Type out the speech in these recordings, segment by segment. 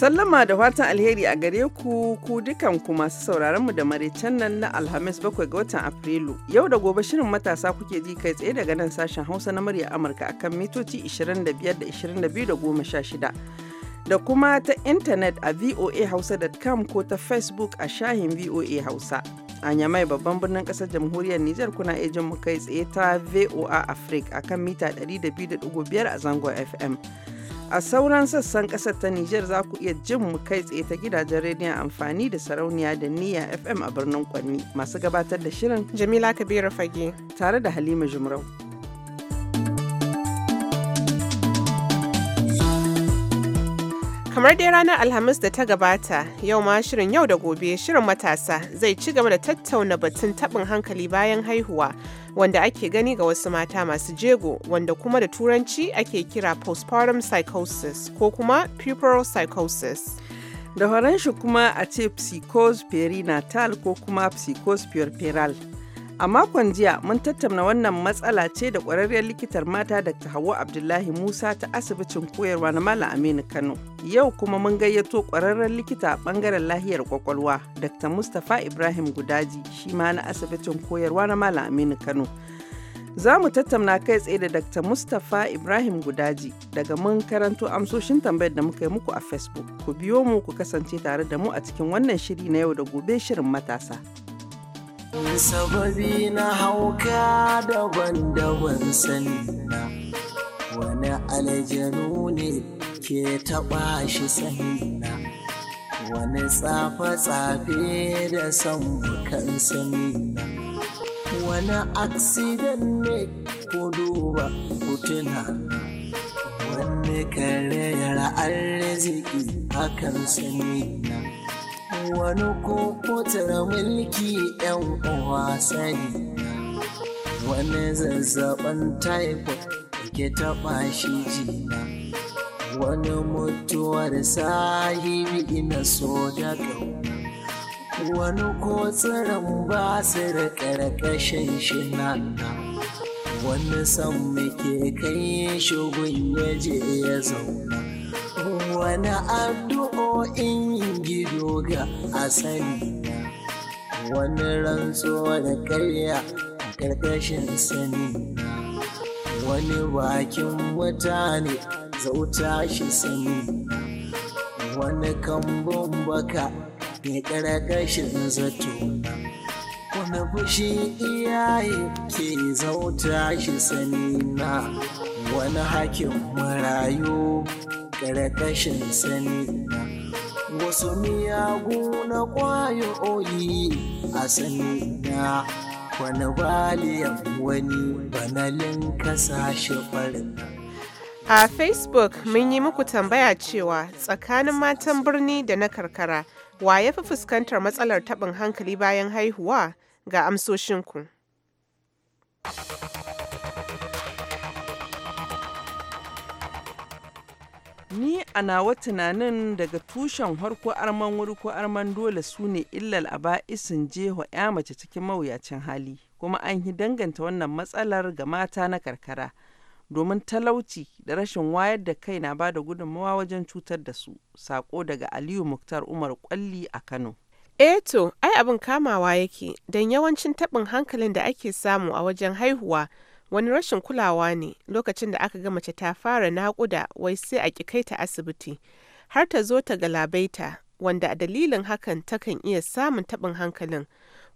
Sallama da fatan alheri a gare ku ku dukanku masu sauraron mu da maraicen nan na Alhamis bakwai ga watan Afrilu. Yau da gobe shirin matasa kuke ji kai tsaye daga nan sashen Hausa na murya Amurka akan mitoci 25 da 22 da 16. Da kuma ta intanet a voahausa.com ko ta Facebook a shahin VOA Hausa. A Nyamai babban birnin kasar jamhuriyar Nijar kuna iya jin mu kai tsaye ta VOA Africa akan mita 102.5 a zangon FM. A sauran sassan ƙasar ta Nijar za ku iya jin mu kai tsaye ta gidajen rediyon amfani da sarauniya da niyya FM a birnin Kwanni masu gabatar da shirin Jamila Kabiru Fage tare da Halima Jumrau. Kamar dai ranar Alhamis da ta gabata, yau ma shirin yau da gobe shirin matasa zai ci gaba da tattauna batun taɓin hankali bayan haihuwa wanda ake gani ga wasu mata masu jego wanda kuma da turanci ake kira postpartum psychosis ko kuma puberal psychosis. Da horon shi kuma a ce psychose perinatal ko kuma psychose puerperal. A makon jiya mun tattauna wannan matsala ce da ƙwararriyar likitar mata Dr. Hauwa Abdullahi Musa ta asibitin koyarwa na Malam Aminu Kano. Yau kuma mun gayyato ƙwararren likita a ɓangaren lahiyar kwakwalwa Dr. Mustapha Ibrahim Gudaji shi ma na asibitin koyarwa na Malam Aminu Kano. Za mu tattauna kai tsaye da Dr. Mustapha Ibrahim Gudaji daga mun karanto amsoshin tambayar da muka yi muku a Facebook. Ku biyo mu ku kasance tare da mu a cikin wannan shiri na yau da gobe shirin matasa. sababi na hauka daban-daban sani wani aljanu ne ke taɓa shi sani wani tsafe-tsafe da san bukan sani wani aksidan ne ku duba kutuna wani karayar arziki akan sani na wani kokotar mulki yan uwa sani wani zazzaɓin taifot ke taɓa shi jina wani mutuwar sahibi na so da wani kotsirin ba su ƙarƙashin shi wani san muke kai shugun ya je ya zauna wani addu'o'in gida ga asali wani rantsuwa da karya karkashin sani wani bakin mutane zauta shi sani wani kambun baka ne karkashin zato wani fushi iyaye ke zauta shi sani na wani hakin marayu karkashin sani na wasu miyagu na ƙwayoyi a sani na wani baliyan wani banalin kasashe farin a facebook mun yi muku tambaya cewa tsakanin matan birni da na karkara wa ya fi fuskantar matsalar taɓin hankali bayan haihuwa ga amsoshinku. ni a nawa tunanin daga tushen harko arman wuri ko arman dole su ne illal a ba'isin jeho ya mace cikin mawuyacin hali kuma an yi danganta wannan matsalar ga mata na karkara domin talauci da rashin wayar da kai na ba da gudunmawa wajen cutar da su sako daga aliyu muktar umar kwalli a kano eto eh to ai abin kamawa yake don yawancin taɓin hankalin da ake samu a wajen haihuwa wani rashin kulawa ne lokacin da aka ga mace ta fara naƙuda wai sai a ƙi ta asibiti har ta zo ta galabaita wanda a dalilin hakan takan iya samun taɓin hankalin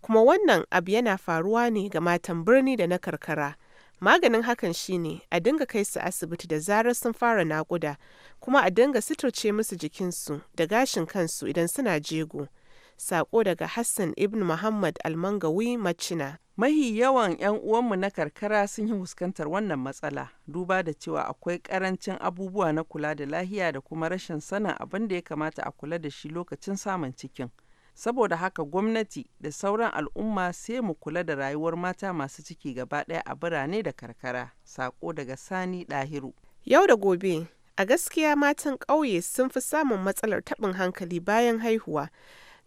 kuma wannan abu yana faruwa ne ga matan birni da na karkara maganin hakan shine a dinga kai su asibiti da zarar sun fara naƙuda kuma a dinga suturce musu jikinsu da gashin kansu idan suna jego sako daga hassan ibn muhammad almangawi macina Mahi yawan 'yan uwanmu na karkara sun yi fuskantar wannan matsala, duba da cewa akwai ƙarancin abubuwa na kula da lahiya da kuma rashin sanin abin da ya kamata a kula da shi lokacin samun cikin. Saboda haka gwamnati da sauran al'umma sai mu kula da rayuwar mata masu ciki gaba ɗaya a birane da karkara. Sako daga Sani Ɗahiru. Yau da gobe, a gaskiya matan ƙauye sun fi samun matsalar taɓin hankali bayan haihuwa.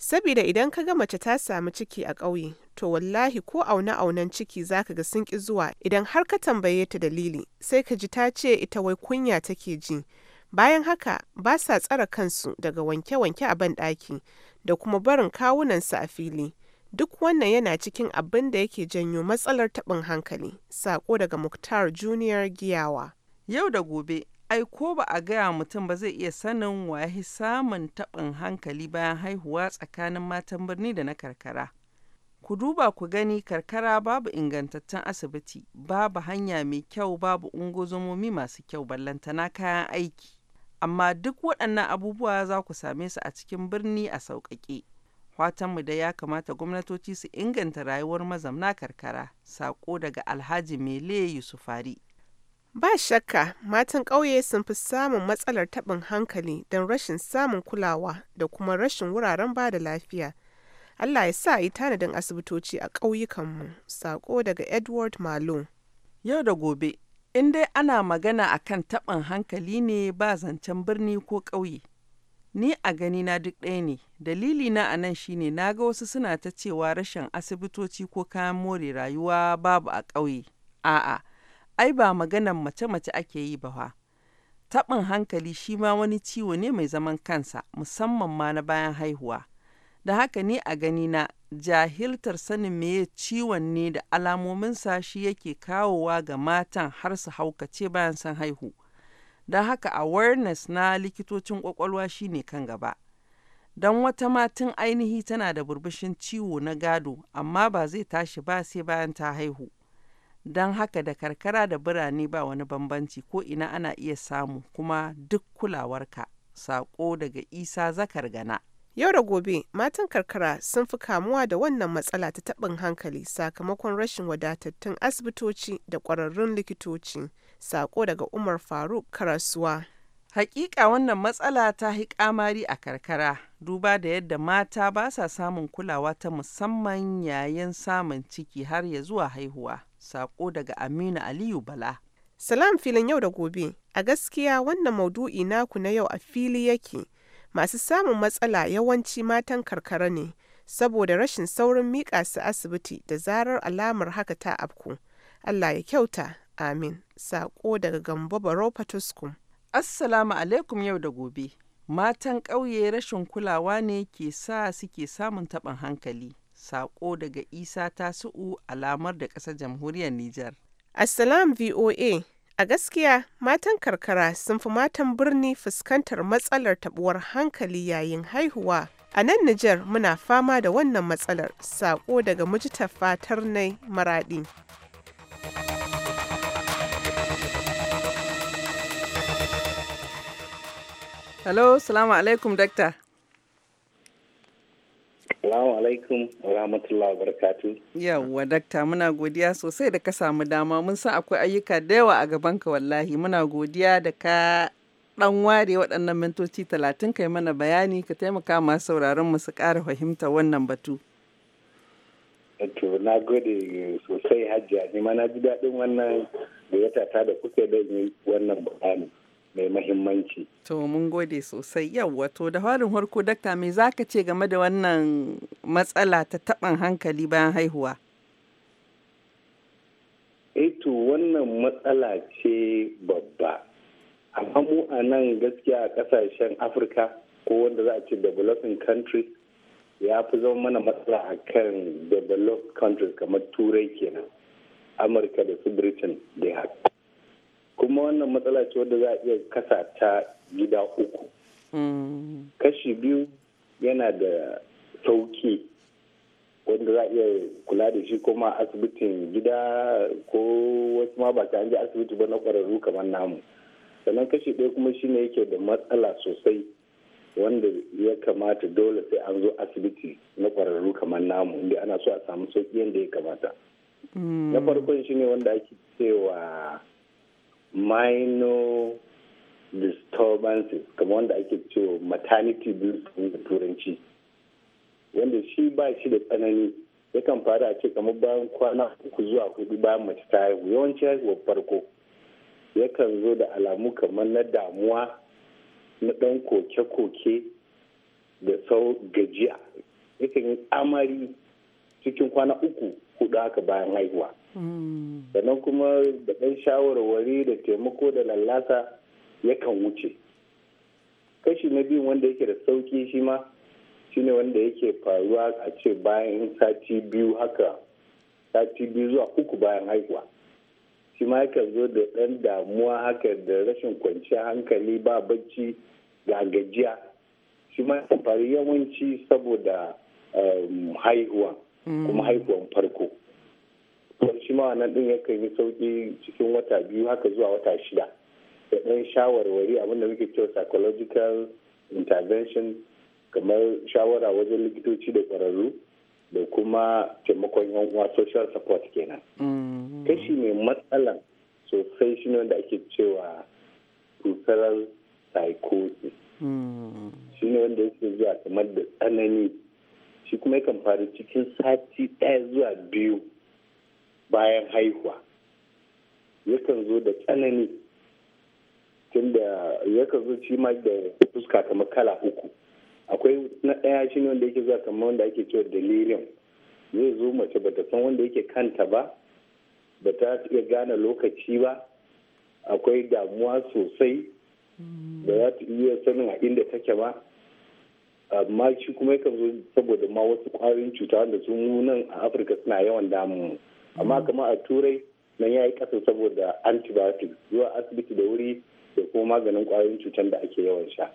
saboda idan ka ga mace ta samu ciki a ƙauye, to wallahi ko aune-aunen ciki za ka ga sun ƙi zuwa idan har ka tambaye ta dalili, sai ka ji ta ce ita wai kunya take ji. Bayan haka, ba sa tsara kansu daga wanke-wanke a banɗaki da kuma barin kawunansa a fili. Duk wannan yana cikin abin da yake janyo matsalar taɓin hankali, saƙo daga Muktar Junior Giyawa. Yau da gobe, ai ko ba a gaya mutum ba zai iya sanin wahi samun taɓin hankali bayan haihuwa tsakanin matan birni da na karkara. Ku duba ku gani karkara babu ingantattun asibiti, babu hanya mai kyau, babu ungozomomi masu kyau, ballantana kayan aiki. Amma duk waɗannan abubuwa za ku same su a cikin birni a sauƙaƙe. Fatanmu da ya kamata gwamnatoci su inganta rayuwar mazamna karkara, saƙo daga Alhaji Mele Yusufari. Ba shakka matan ƙauye sun fi samun matsalar taɓin hankali don rashin samun kulawa da kuma rashin wuraren ba da lafiya. Allah ya sa yi tanadin asibitoci a ƙauyukanmu, saƙo daga Edward Malone. Yau da gobe, in dai ana magana a kan taɓin hankali ne ba zancen birni ko ƙauye. Ni a gani na duk ɗaya ne, dalili na a nan shine na ga wasu suna ta cewa rashin asibitoci ko kayan more rayuwa babu a ƙauye. A'a. Ai ba maganan mace-mace ake yi ba fa. Taɓin hankali shi ma wani ciwo ne mai zaman kansa, musamman ma na bayan haihuwa. Da haka ni a gani na jahiltar sanin meye ciwon ne da alamominsa shi yake kawowa ga matan har su haukace bayan san haihu. da haka awareness na likitocin ƙwaƙwalwa shine kan gaba. Don wata ma ainihi tana da burbushin ciwo na gado, amma ba zai tashi ba sai bayan ta haihu. don haka da karkara da birane ba wani bambanci ko ina ana iya samu kuma duk kulawarka sako daga isa zakar gana Yau da gobe matan karkara sun fi kamuwa da wannan matsala ta taɓin hankali sakamakon rashin wadatattun asibitoci da ƙwararrun likitoci. Sako daga Umar Faruk Karasuwa. Hakika wannan matsala ta hi kamari a karkara duba da yadda mata ba sa samun kulawa ta musamman yayin samun ciki har ya zuwa haihuwa. Sako daga Aminu Aliyu Bala. Salam filin yau da gobe, a gaskiya wannan maudu'i naku na yau a fili yake. Masu samun matsala yawanci matan karkara ne, saboda rashin saurin miƙa su asibiti da zarar alamar haka ta afku. Allah ya kyauta, amin. Sako daga Gambo Baro Fatuskum. Assalamu alaikum yau da gobe. Matan ƙauye rashin kulawa ne ke sa suke samun taɓin hankali. Sako daga Isa ta su'u alamar da ƙasar jamhuriyar Nijar. Assalam VOA. A gaskiya, matan karkara sun fi matan birni fuskantar matsalar tabuwar hankali yayin haihuwa. A nan Nijar muna fama da wannan matsalar sako daga mujita fatar nai maradi. Hello, salamu alaikum, Salamu alaikum rahmatullahi barakatu. Yawwa dakta muna godiya sosai da ka samu dama mun san akwai ayyuka da yawa a gabanka wallahi muna godiya da ka dan ware waɗannan mintoci talatin kai mana bayani ka taimaka ma sauraron mu su ƙara fahimta wannan batu. To na gode sosai hajji ni ma na ji daɗin wannan da ya ta da kuke da wannan bayani. mai mahimmanci. To mun gode sosai yau wato da farin harko dakta me zaka ce game da wannan matsala ta taban hankali bayan haihuwa? Eh, to wannan matsala ce babba amma mu a nan gaskiya a kasashen afirka ko wanda za a ce developing countries ya fi zama mana matsala a kan developed countries kamar turai kenan amurka da su britain da haka kuma wannan matsala ce wadda za a iya kasa ta gida uku kashi biyu yana da sauki wanda za a iya kula da shi kuma asibitin gida ko wasu ma ba an je asibiti ba na kwararru kamar namu sannan kashi ɗaya kuma shi shine yake da matsala sosai wanda ya kamata dole sai an zo asibiti na kwararru kamar namu inda ana so a samu sauki yadda ya kamata na farkon shine wanda ake cewa minor disturbances kamar wanda ake cewa maternity blues da turanci wanda shi ba shi da tsanani yakan faru a ce kamar bayan kwana uku zuwa hudu bayan mace ta haihu yawanci haihuwar farko yakan zo da alamu kamar na damuwa na dan koke-koke da sau gajiya yakan yi amari cikin kwana uku hudu haka bayan haihuwa sannan kuma da ɗan shawarwari da taimako da lallasa yakan wuce kashi na biyu wanda yake da sauki shi ma shine wanda yake faruwa a ce bayan sati biyu haka sati biyu zuwa uku bayan haihuwa shi ma yakan zo da ɗan damuwa haka da rashin kwanciya hankali ba bacci ga gajiya shi ma yakan faru yawanci saboda um, haihuwa kuma haihuwan farko wani shi ma wannan ɗin yakan yi sauƙi cikin wata biyu haka zuwa wata shida da ɗan shawarwari abin da muke cewa psychological intervention kamar shawara wajen likitoci da ƙwararru da kuma taimakon yan uwa social support kenan mm. kashi mai matsalan sosai shi ne wanda ake cewa cultural psychosis mm. shi ne wanda yake zuwa kamar da tsanani shi kuma yakan faru cikin sati ɗaya zuwa biyu bayan haihuwa yakan zo da tsanani tunda yakan zo shi ma da fuska kamar kala uku akwai na ɗaya shi ne wanda yake zuwa kamar wanda ake cewa delirium zai zo mace ba ta san wanda yake kanta ba ta iya gane lokaci ba akwai damuwa sosai ba za ta iya sanin a inda take ba amma shi kuma yakan zo saboda ma wasu kwayoyin cuta wanda su nan a afirka suna yawan damun amma kamar a turai nan ya yi ƙasa saboda antibiotics zuwa asibiti da wuri da kuma maganin kwayoyin cutar da ake yawan sha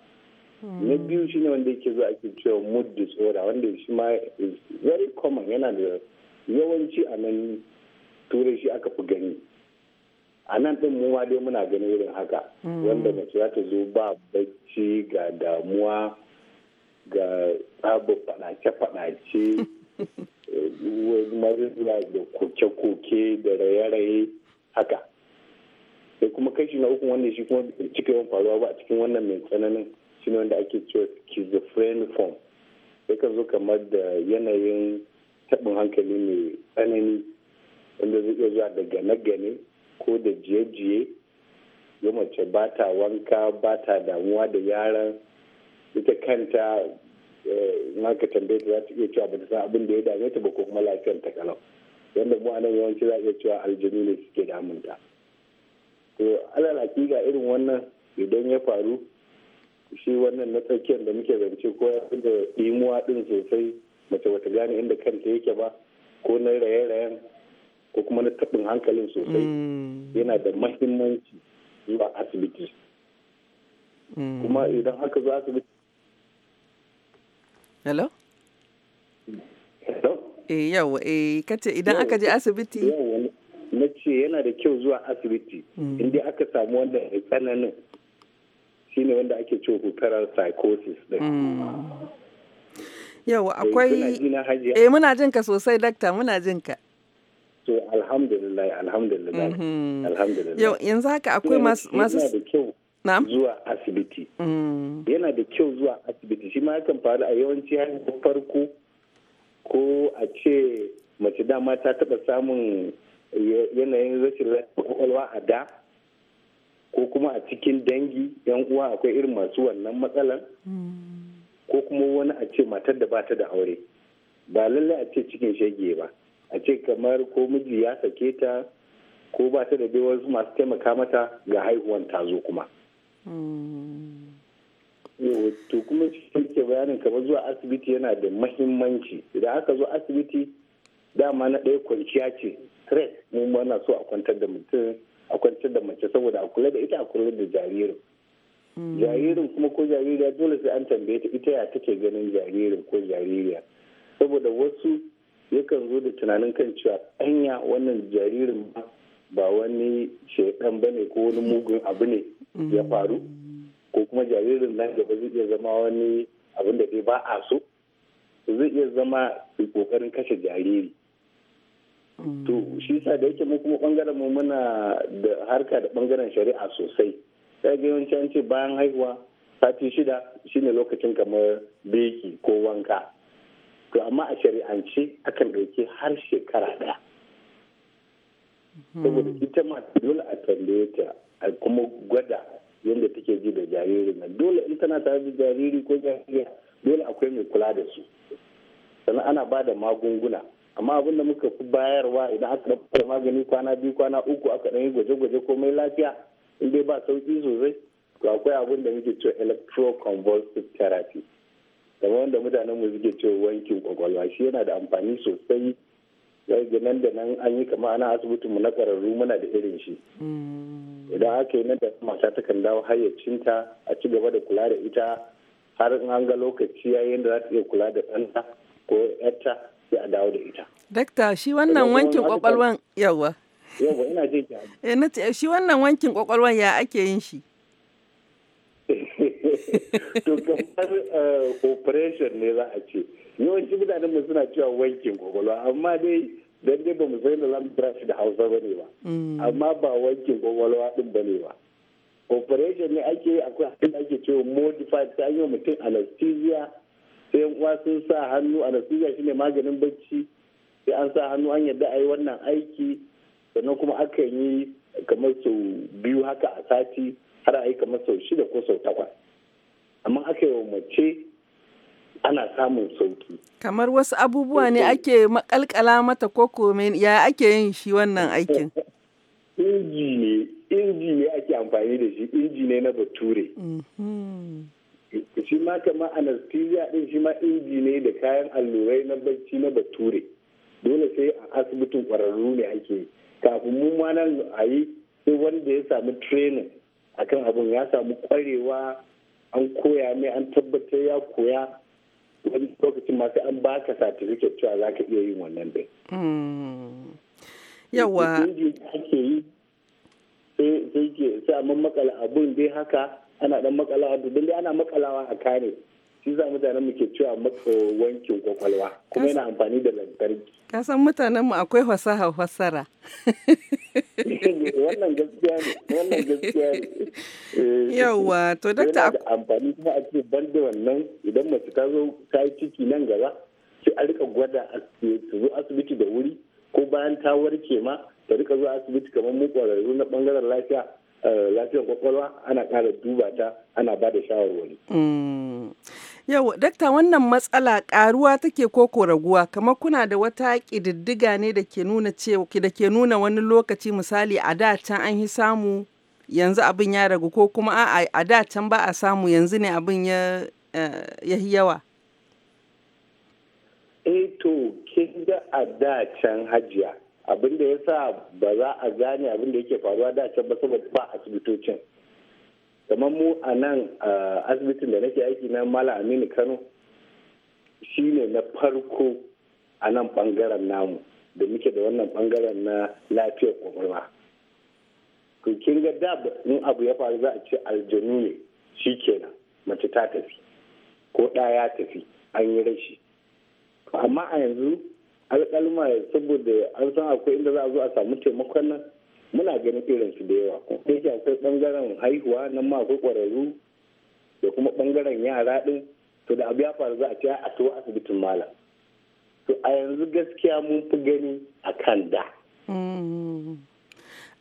na hmm. biyu shine wanda yake zuwa ake cewa mood disorder wanda shi ma is very common yana da yawanci a nan turai shi aka fi gani a nan ɗin mu ma dai muna ganin irin haka hmm. wanda mace za ta zo ba bacci ga damuwa ga tsaba fadace-fadace. mazuwa da koke-koke da raye-raye haka sai kuma kashi na uku wanda shi kuma cika yawan faruwa ba a cikin wannan mai tsananin shi wanda ake cewa form. Ya yakan zo kamar da yanayin taɓin hankali mai tsanani wanda zai iya zuwa da gane-gane ko da jiye-jiye ya mace ba ta wanka ba ta damuwa da yaran ita kanta Eh, na ka tambaye ta za ta iya cewa ba ta san abin da ya dame ta ba ko kuma lafiyar ta kalau yadda mu a nan yawanci za a iya cewa aljanu ne suke damunta to alal hakika irin wannan idan ya faru shi wannan na tsakiyar da muke zance ko ya da ɗimuwa din sosai mace bata gane inda kanta yake ba ko na raye-rayen ko kuma na taɓin hankalin sosai mm. yana da mahimmanci zuwa asibiti mm. kuma idan haka zuwa asibiti hello hello eh yawa eh kace idan aka je asibiti na ce yana da kyau zuwa asibiti hmm. inda aka samu wanda ya tsananin ne wanda ake ce hukarar psychosis din hmm. yawa eh, akwai eh muna jin ka sosai dakta muna jin ka to alhamdulillah alhamdulillah mhm. alhamdulillah yau yanzu haka akwai masu masu da kyau zuwa asibiti mm. yana da kyau zuwa asibiti shi ma yakan faru a yawanci hanyar farko ko a ce mace dama ta taɓa samun yanayin rashin kwakwalwa a da ko kuma a cikin dangi yan uwa akwai irin masu wannan matsalar mm. ko kuma wani a ce matar da ba ta da aure ba lallai a ce cikin shege ba a ce kamar ko miji ya sake ta ko ba ta da dai masu taimaka mata ga haihuwan ta zo kuma to kuma ke bayanin kamar zuwa asibiti yana da mahimmanci idan aka zo asibiti dama na ɗaya kwanciya ce stress mu mana so a kwantar da mutum a kwantar da mace saboda a kula da ita a kula da jaririn jaririn kuma ko jaririya dole sai an tambaye ta ita ya take ganin jaririn ko jaririya saboda wasu yakan zo da tunanin kan cewa anya wannan jaririn ba ba wani shaidan ba ne ko wani mugun abu ne ya faru ko kuma jaririn nan gaba zai iya zama wani abin da dai ba a so zai iya zama su kokarin kashe jariri to shi sa da yake mu kuma bangaren mu muna da harka da bangaren shari'a sosai sai ga yawanci an ce bayan haihuwa sati shida shine lokacin kamar beki ko wanka to amma a shari'ance akan ɗauki har shekara ɗaya saboda ita ma dole a tambaye ta a kuma gwada yadda take ji da jariri nan dole in tana tare da jariri ko jariri dole akwai mai kula da su sannan ana ba da magunguna amma abin da muka fi bayarwa idan aka ɗauka magani kwana biyu kwana uku aka ɗan yi gwaje-gwaje ko mai lafiya in dai ba sauki sosai to akwai abin da muke cewa electroconvulsive therapy kamar wanda mutanen mu suke cewa wankin kwakwalwa shi yana da amfani sosai zai nan da nan an yi kama ana asibitin mu na ƙwararru muna da irin shi mm. idan aka yi nan da mata ta kan dawo hayyacinta a ci gaba da kula da ita har in an ga lokaci yayin da za ta iya kula da ɗanta ko yarta sai a dawo da ita. Dakta shi wannan wankin kwakwalwan yawa. Yawa ina jin ki. Eh, na ce shi wannan wankin kwakwalwan ya ake yin shi? To kamar eh, operation ne za a ce. yawanci mutanen mu suna cewa wankin kwakwalwa amma dai dan dai bamu san da za da hausa ba ne ba mm. amma ba wankin kwakwalwa din ba ne ba operation ne ake yi akwai abin da ake cewa modified ta yi mutum anesthesia sai yan uwa sun sa hannu anesthesia shine maganin bacci sai an sa hannu an yadda a yi wannan aiki sannan kuma aka yi kamar sau biyu haka a sati har a yi kamar sau shida ko sau takwas amma aka yi wa mace ana samun sauki. Kamar wasu abubuwa ne ake makalkala mata koko ya ake yin shi wannan aikin? Inji ne, inji ne ake amfani da shi, inji ne na bature. Mhm. Shi ma kama anesthesia ɗin shi ma inji ne da kayan allurai na bacci na bature. Dole sai a asibitin ƙwararru ne ake yi. Kafin mu ma a yi sai wanda ya samu training akan abin ya samu ƙwarewa an koya mai an tabbatar ya koya wani lokacin masu an ba baka certificate cewa za ka iya yin wannan ɗin. yawa yi sai ke sai a makala abun dai haka ana dan makalawa don dai ana makalawa a kane shi za mutanen mu ke cewa matsa wankin kwakwalwa kuma yana amfani da lantarki ka san mutanen akwai fasaha fasara Eh, wannan gaskiya ne wannan gaskiya ne eh, yawa to dakta da amfani kuma a ce ban da wannan idan mace ta zo ta yi ciki nan gaba sai a rika gwada su eh, zo asibiti da wuri ko bayan ta warke ma ta rika zuwa asibiti kamar mu kwararru na bangaren lafiya lafiyar kwakwalwa ana ƙara duba ta ana ba da shawarwari mm. Yau, dakta wannan matsala karuwa take koko raguwa, kamar kuna da wata ƙididdiga ne da ke nuna da ke nuna wani lokaci misali a da can an yi samu yanzu abin ya ragu ko kuma a a da can ba a samu yanzu ne abin ya eh, yi yawa. Eh to, kin a da can hajiya abin da ya sa ba za a gane abin da yake faruwa da can ba saboda ba asibitocin. kamar mu a nan asibitin da nake aiki na mala aminu kano shine na farko a nan bangaren namu da muke da wannan bangaren na lafiyar kwakwalwa to kin ga da in abu ya faru za a ce aljanu ne shi kenan mace ta tafi ko ɗa ya tafi an yi rashi amma a yanzu alƙalma saboda an san akwai inda za a zo a samu taimakon nan muna ganin irin su da yawa kuma yake akwai bangaren haihuwa nan ma akwai kwararru da kuma bangaren yara din to da abu ya faru za a ce a tuwa asibitin malam to a yanzu gaskiya mun fi gani a kan da mm.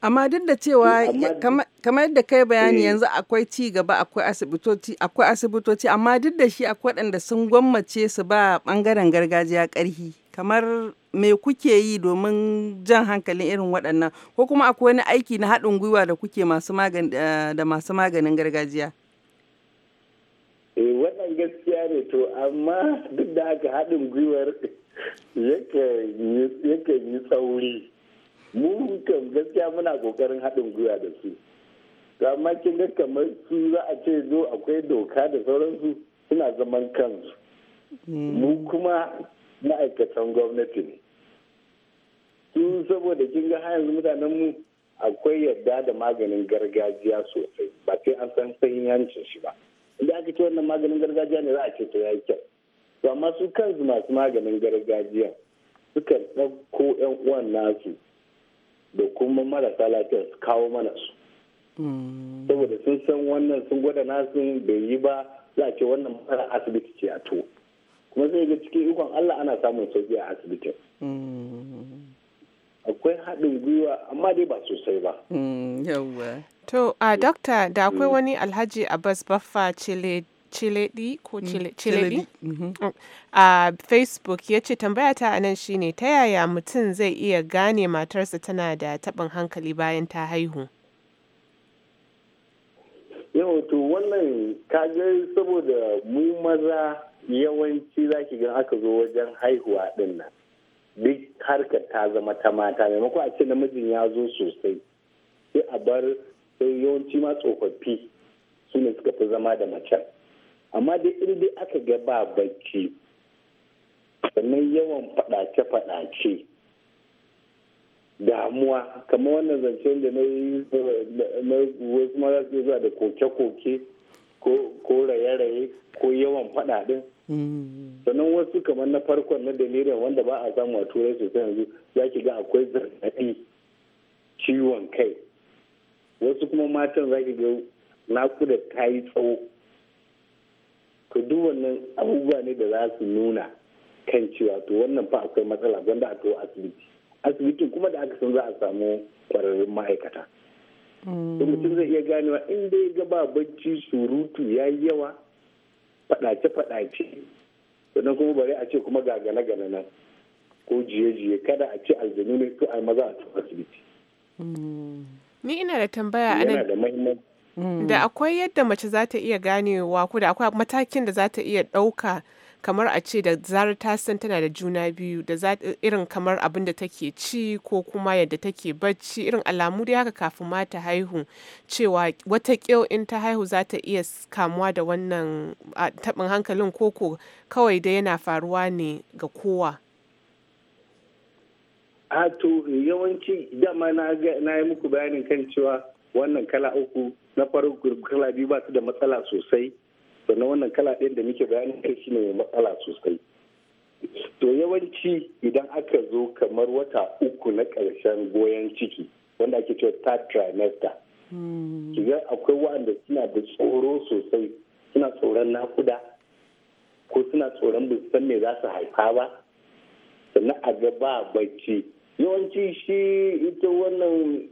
amma duk da cewa eh, kamar yadda kai bayani eh. yanzu akwai ci gaba akwai asibitoci akwai asibitoci amma duk da shi akwai waɗanda sun gwammace su ba bangaren gargajiya ƙarfi kamar me kuke yi domin jan hankalin irin waɗannan ko kuma akwai wani aiki na haɗin gwiwa da kuke masu eh, da masu maganin gargajiya eh wannan gaskiya ne to amma duk da haka haɗin gwiwar yake yi tsauri mu kan gaskiya muna kokarin haɗin gwiwa da su amma kin ga kamar su za a ce zo akwai doka da sauransu suna zaman kansu hmm. mu kuma ma'aikatan gwamnati ne su saboda kin ga har yanzu mutanen mu akwai yadda da maganin gargajiya sosai ba sai an san sahihancin shi ba inda aka ce wannan maganin gargajiya ne za a ce to yayi kyau to amma su kansu masu maganin gargajiya suka ɗauko ƴan uwan nasu da kuma marasa lafiya su kawo mana su hmm. saboda sun san wannan sun gwada nasu bai yi ba za a ce wannan mara asibiti ce a tuwo. kuma zai ga cikin ikon Allah ana samun sauki a asibitin. Mm. Akwai haɗin gwiwa amma dai ba sosai ba. Mm, Yawwa. To, a dokta da akwai mm. wani alhaji Abbas Baffa Chile Chiledi ko Chiledi mm-hmm. oh, a Facebook ya ce tambaya ta anan shine ta yaya mutum zai iya gane matarsa tana da taɓin hankali bayan ta haihu. Yau to wannan kaga saboda mu maza yawanci za ki gan aka zo wajen haihuwa din nan duk harkar ta zama ta mata maimakon a ce namijin ya zo sosai sai a bar sai yawanci ma tsofaffi su ne suka fi zama da macen amma dai in dai aka ga ba bacci sannan yawan fadace-fadace damuwa kamar wannan zancen da na yi wasu mara su zuwa da koke-koke ko raye-raye ko yawan faɗa ɗin Mm. sannan wasu kamar na farkon na delirium wanda ba a samu a turai sosai yanzu za ki ga akwai zazzaɓi ciwon kai wasu kuma matan za ki ga da ta yi tsawo to duk wannan abubuwa ne da za su nuna kan cewa to wannan fa akwai matsala wanda a to asibiti asibitin kuma da aka san za a samu kwararrun ma'aikata mm. mutum zai iya ganewa inda ya ga ba bacci surutu ya yi yawa faɗace-faɗace sannan kuma bari a ce kuma ga gane-gane nan ko jiye-jiye kada a ce aljanu ne su ai maza a tafi asibiti. Hmm. Ni ina da tambaya a nan. Da akwai yadda mace za ta iya ganewa ko da akwai matakin da za ta iya ɗauka kamar a ce da zarar ta san tana da juna biyu da irin kamar abin da take ci ko kuma yadda take bacci irin alamu dai haka kafin ma ta haihu cewa wata kyau in ta haihu za ta iya kamuwa da wannan taɓin hankalin koko kawai dai yana faruwa ne ga kowa. a to yawanci dama na yi muku bayanin kan cewa wannan kala uku na farin kala biyu ba su da matsala sosai sannan wannan kala ɗin da muke bayani kai shi ne matsala sosai to yawanci idan aka zo kamar wata uku na ƙarshen goyon ciki wanda ake cewa third trimester hmm. kiga akwai waɗanda suna da tsoro sosai suna tsoron nakuda ko suna tsoron bu san me za su haifa ba sannan a ga ba bacci yawanci shi ita wannan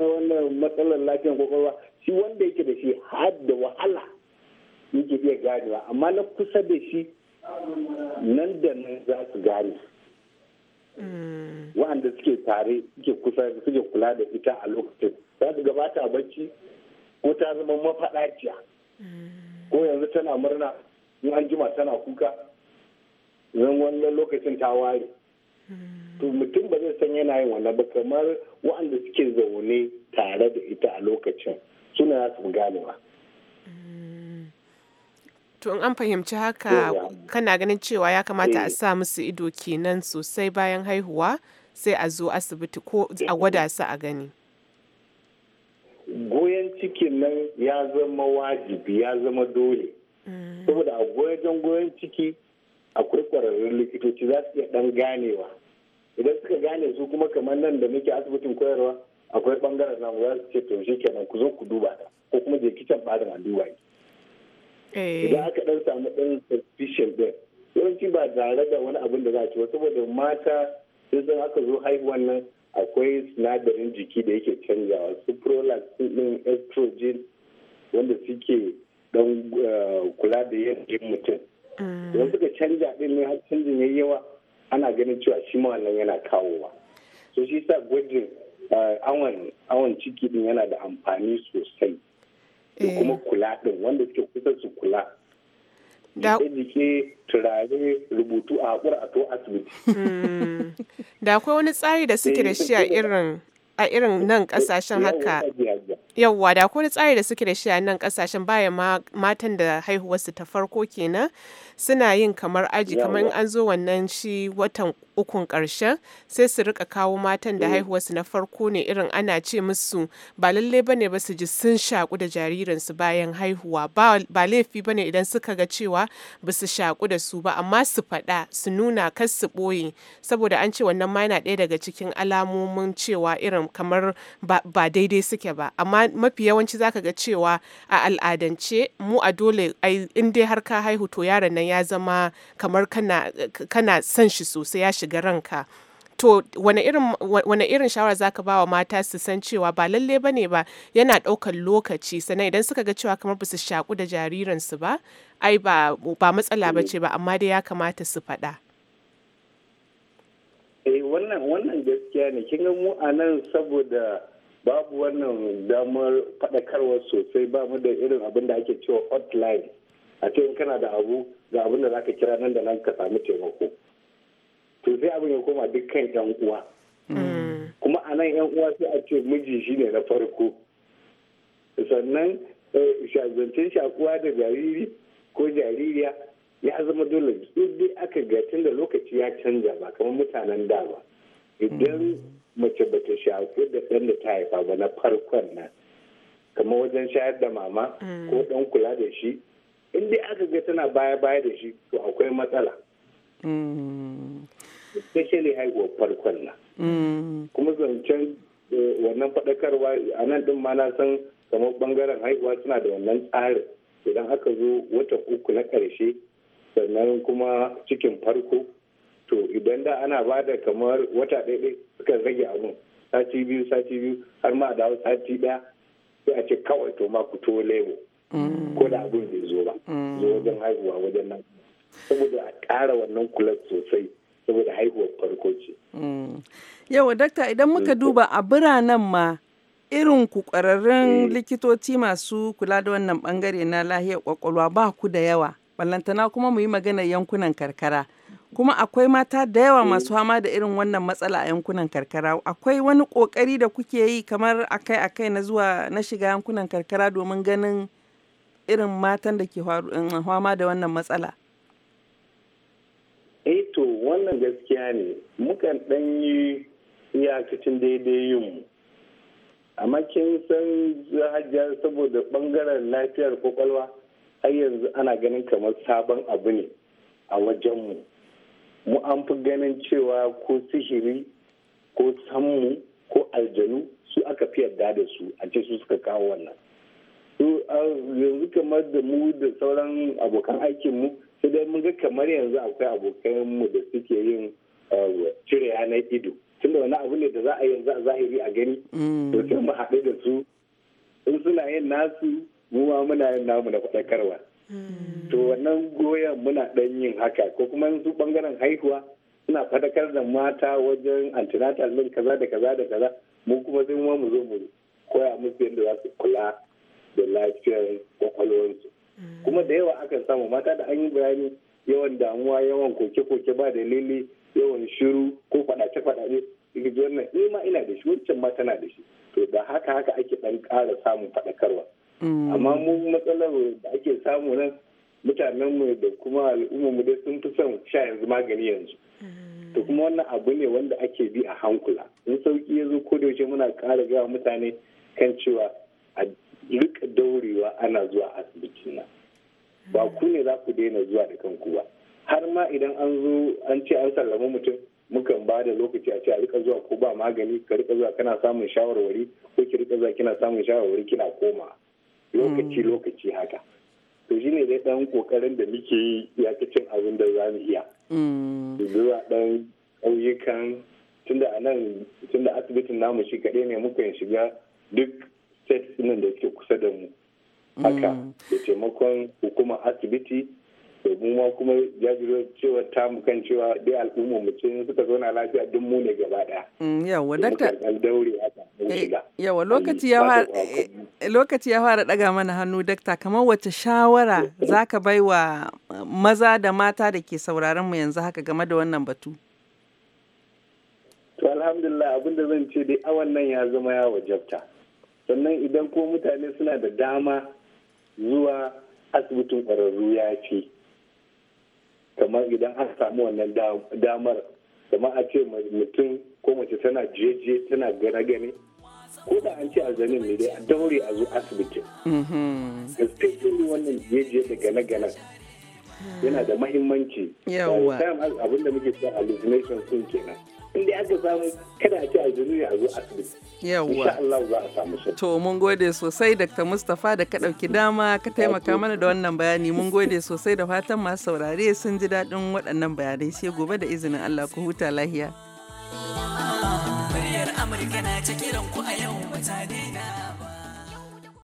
wannan matsalar lafiyar kwakwalwa shi wanda yake da shi har da wahala yake iya ganewa amma na kusa da shi nan da nan za su gane mm. wa'anda suke tare suke kusa suke kula da ita a lokacin za su gabata bacci ko ta zama mafaɗaciya mm. ko yanzu tana murna in an jima tana kuka zan wannan lokacin ta ware mm. to mutum ba zai san yana yin wannan ba kamar wa'anda suke zaune tare da ita a lokacin suna su gane ba To in an fahimci haka kana ganin cewa ya kamata a eh. sa musu ido kenan sosai bayan haihuwa sai a zo asibiti ko eh. a gwada su a gani. Goyon cikin nan ya zama wajibi ya zama dole. Mm. Saboda a goyon goyon ciki akwai kwararrun likitoci za su iya dan ganewa. Idan suka gane su kuma kamar nan da muke asibitin koyarwa akwai bangaren namu za su ce to shi kenan ku zo ku duba ta ko kuma je kicin barin a duba ki. Eh. idan aka dan samu dan suspicion din yawanci ba tare da wani abin da za a ci saboda mata sun aka zo haihuwan nan akwai sinadarin jiki da yake canjawa su prolactin din estrogen wanda suke dan eh, kula da yanayin mutum ah. don suka canja din ne har canjin yayi yawa ana ganin cewa shi ma wannan yana kawowa so shi sa gwajin eh, awon ciki din yana da amfani sosai Eh. kuma kula din wanda suke kusa su kula da jike turare rubutu a haƙura a to asibiti hmm. da akwai wani tsari da suke eh, da shi a irin a irin nan kasashen eh, haka yawwa da ko tsari da suke da shi a nan kasashen bayan matan da haihuwarsu ta farko kenan suna yin kamar aji kamar an zo wannan shi watan ukun karshen sai su rika kawo matan da mm. haihuwarsu na farko ne irin ana ce musu ba lalle bane ba su ji sun shaku da jaririnsu bayan haihuwa ba laifi bane idan suka ga cewa ba su shaku da su ba amma su faɗa su nuna kar su ɓoye saboda an ce wannan ma yana ɗaya daga cikin alamomin cewa irin kamar ba daidai suke ba amma mafi yawanci zaka ga cewa a al'adance mu a dole in dai har ka haihu to yaron nan ya zama kamar kana kana son shi sosai ya shiga ranka to wane irin wane irin shawara zaka ba wa mata su san cewa ba lalle ba ne ba yana ɗaukar lokaci sannan idan suka ga cewa kamar ba su shaku da jaririnsu ba ai ba ba matsala ba amma dai ya kamata su faɗa. eh wannan gaskiya ne kin mu a nan saboda babu wannan damar faɗakarwa sosai ba mu da irin abin da ake cewa hotline a ce in kana da abu ga abin da zaka kira nan da nan ka samu taimako to sai abin ya koma dukkan yan uwa mm. kuma a nan yan uwa sai a ce miji shine na farko sannan eh, shazancin shakuwa da jariri ko jaririya ya zama dole duk dai aka ga tun da lokaci ya canza ba kamar mutanen da ba idan mace ba ta shafi da ɗan da ta haifa ba na farkon nan kama wajen shayar da mama ko mm. ɗan kula da shi in dai aka ga tana baya baya da shi to akwai matsala mm. especially haihuwar farkon nan mm. kuma zancen eh, wannan faɗakarwa a nan ɗin ma na san kamar ɓangaren haihuwa suna da wannan tsarin idan aka zo wata uku na ƙarshe sannan kuma cikin farko to idan da ana ba da kamar wata ɗaya suka rage abin sati biyu sati biyu har ma dawo sati ɗaya sai a ce kawai to ma ku to lebo mm. ko da abin bai zo ba mm. zo wajen haihuwa wajen nan saboda a ƙara wannan kula sosai saboda haihuwar farko ce. Mm. yawa dakta idan muka duba a biranen ma irin ku kwararrun eh. likitoci masu kula da wannan bangare na lahiyar kwakwalwa ba ku da yawa ballantana kuma mu yi magana yankunan karkara kuma akwai mata da yawa mm. masu fama da irin wannan matsala a yankunan karkara akwai wani kokari da kuke yi kamar akai-akai na zuwa na shiga yankunan karkara domin ganin irin matan da ke eh, fama da wannan matsala eh to wannan gaskiya ne mukan ɗan yi iyakacin daidai yin amma kin san saboda ɓangaren lafiyar kwakwalwa ai yanzu ana ganin kamar sabon abu ne a wajenmu mu an fi ganin cewa ko sihiri ko sammu ko aljanu su aka fi yarda da su a ce su suka kawo wannan yanzu kamar da mu da sauran abokan aikinmu sai dai mun ga kamar yanzu akwai abokanmu da suke yin cire yanar ido tunda wani abu ne da za a yanzu a zahiri a gani mm. to sai mu haɗu da su in suna yin nasu mu ma muna yin namu da faɗakarwa to wannan goyon muna ɗan yin haka ko kuma su ɓangaren haihuwa suna fadakar da mata wajen antenatal min kaza da kaza da kaza mu kuma sai mu zo mu koya musu yadda za su kula da lafiyar kwakwalwarsu kuma da yawa akan samu mata da an yi bayani yawan damuwa yawan koke-koke ba dalili yawan shiru ko faɗace-faɗace ji wannan ima eh ina da shi wancan ma tana da shi to da haka haka ake ɗan ƙara samun faɗakarwa amma mu matsalar da ake samu nan mutanenmu da kuma mu dai sun fi son sha yanzu magani yanzu to kuma wannan abu ne wanda ake bi a hankula in sauki ya zo ko da kodayaushe muna kara gaya mutane kan cewa a rika daurewa ana zuwa asibiti na ba ku ne za ku daina zuwa da kanku ba har ma idan an zo an ce an sallama mutum mukan ba da lokaci a ce a rika zuwa ko ba magani ka rika zuwa kana samun shawarwari ko ki rika zuwa kina samun shawarwari kina koma lokaci mm. lokaci haka to shi ne dai ɗan kokarin da muke yi ya iyakacin abin da za mu iya zuwa mm. dan ƙauyukan tunda a nan tunda asibitin namu shi kaɗai ne muka shiga duk state nan da ke kusa da mu haka mm. da taimakon hukumar asibiti to mu ma kuma jajiro cewa ta mu cewa dai al'umma mu ce suka zauna lafiya duk mu ne gaba daya mm, yawa dakta eh, yawa eh, lokaci ya fara ɗaga daga mana hannu dakta kamar wace shawara za ka bai wa maza da mata da ke sauraron mu yanzu haka game da wannan batu to alhamdulillah abinda zan ce dai awan nan ya zama ya wajabta sannan idan ko mutane suna da dama zuwa asibitin ƙwararru ya ce. kamar idan an samu wannan damar kamar a ce mutum ko mace tana jeje tana gane gane ko da an ce alzanin ne dai a daure a zo asibitin mm-hmm. ne wannan jeje da gane gane yana da mahimmanci yawa abinda muke cewa hallucination sun kenan inda aka samu kada a ci a zuni a zo asibiti yawwa Allah za a samu shi to mun gode sosai Dr. Mustapha da ka ɗauki dama ka taimaka mana da wannan bayani mun gode sosai da fatan masu saurare sun ji daɗin waɗannan bayanai sai gobe da izinin Allah ku huta lahiya Muryar Amurka na kiran ku a